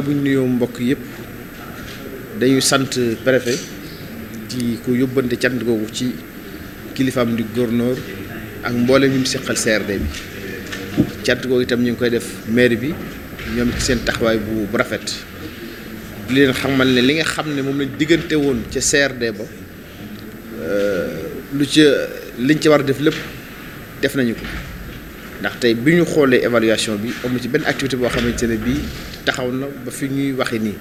bu ñu nuyoo mbokk yëpp dañuy sant préfet ci ko yóbbante cant googu ci kilifaam di gouverneur ak mboolem ñu mu seqal bi cant itam ñu ngi koy def maire bi ñoom ci seen taxawaay bu rafet di leen xamal ne li nga xam ne moom lañ diggante woon ca CRD ba euh, lu ca liñ ca war a def lépp def nañu ko ndax tey bi ñu xoolee évaluation bi amu ci benn activité boo xamante ne bii taxaw na ba fi ñuy waxee nii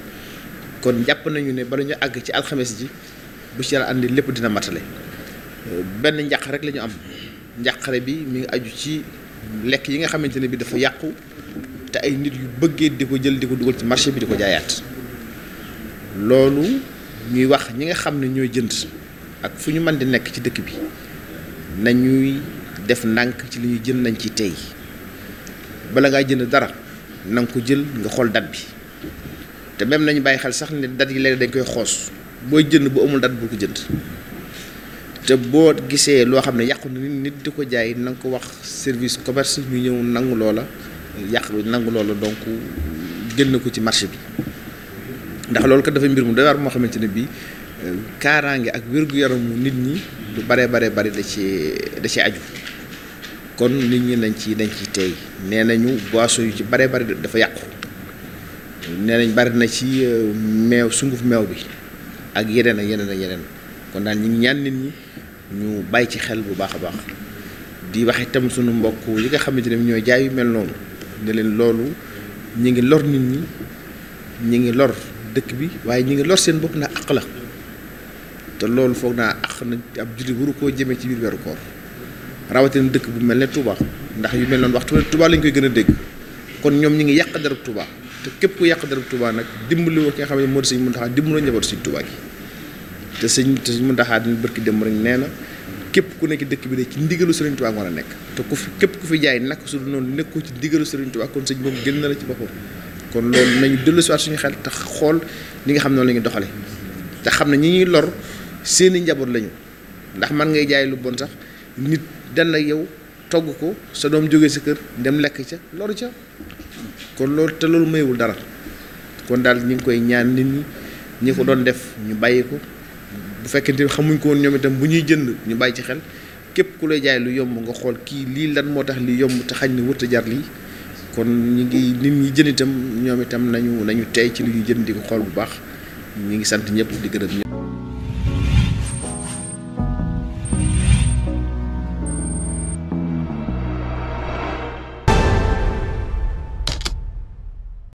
kon jàpp nañu ne bala ñu àgg ci alxames ji bu ci yàlla àndi lépp dina matale benn njàq rek la am njàqare bi mu ngi aju ci lekk yi nga xamante ne bi dafa yàqu te ay nit yu bëggee di ko jël di ko dugal ci marché bi di ko jaayaat loolu ñuy wax ñi nga xam ne ñooy jënd ak fu ñu mën di nekk ci dëkk bi nañuy def nank ci li ñu jël nañ ci tey bala ngaa jënd dara na ko jël nga xool dat bi te même nañu bàyyi xel sax ne dat yi léegi dañ koy xoos booy jënd bu amul dat bu ko jënd te boo gisee loo xam ne yàqu na nit nit di ko jaay na nga ko wax service commerce ñu ñëw nangu loola yàq nangu loola donc génn ko ci marché bi ndax loolu ko dafa mbir mu doy waar moo xamante ne bii euh, kaaraange ak wér-gu-yaramu nit ñi lu bare bare bari da ci da ci aju kon nit ñi nañ ci dañ ci tey nee nañu boisson yu ci bare bari dafa yàqu nee nañ bari na ci euh, meew sunguf meew bi ak yeneen ak yeneen ak yeneen kon daal ñu ngi ñaan nit ñi ñu bàyyi ci xel bu baax a baax di wax itam sunu mbokk yi nga xamante ne ñooy jaay yu mel noonu ne leen loolu ñu ngi lor nit ñi ñu ngi lor dëkk bi waaye ñu ngi lor seen bopp na àq la te loolu foog naa àq na ab julli waru koo jëmee ci biir weeru koor rawatin dëkk bu mel ne Touba ndax yu mel noonu waxtu tubaa lañ koy gën a dégg kon ñoom ñi ngi yàq darab Touba te képp ku yàq der Touba nag dimbali woo ki nga xam ne moo di sëñ Muntaxa dimbali njaboot sëñ Touba gi te sëñ te sëñ Muntaxa dañu barki rek nee na képp ku nekk dëkk bi de ci ndigalu Serigne Touba nga war nekk te ku fi ku fi jaay nag su dul noonu nekkoo ci ndigalu Serigne Touba kon sëñ boobu génn na la ci boppam kon loolu nañu dellu si waat suñu xel te xool li nga xam ne noonu la ñu doxale te xam ne ñi ñuy lor seeni njaboot lañu ndax man ngay jaay lu bon sax nit den la yow togg ko sa doom jóge sa kër dem lekk ca loolu ca kon loolu te loolu mayewul dara kon daal ñu ngi koy ñaan nit ñi ñi ko doon def ñu bàyyi ko bu fekkente xamuñ ko woon ñoom itam bu ñuy jënd ñu bàyyi ci xel képp ku lay jaay lu yomb nga xool kii lii lan moo li yomb te xañ ni wut jar lii kon ñi ngi nit ñi jënd itam ñoom itam nañu nañu tey ci lu ñu jënd di ko xool bu baax ñi ngi sant ñëpp di gërëm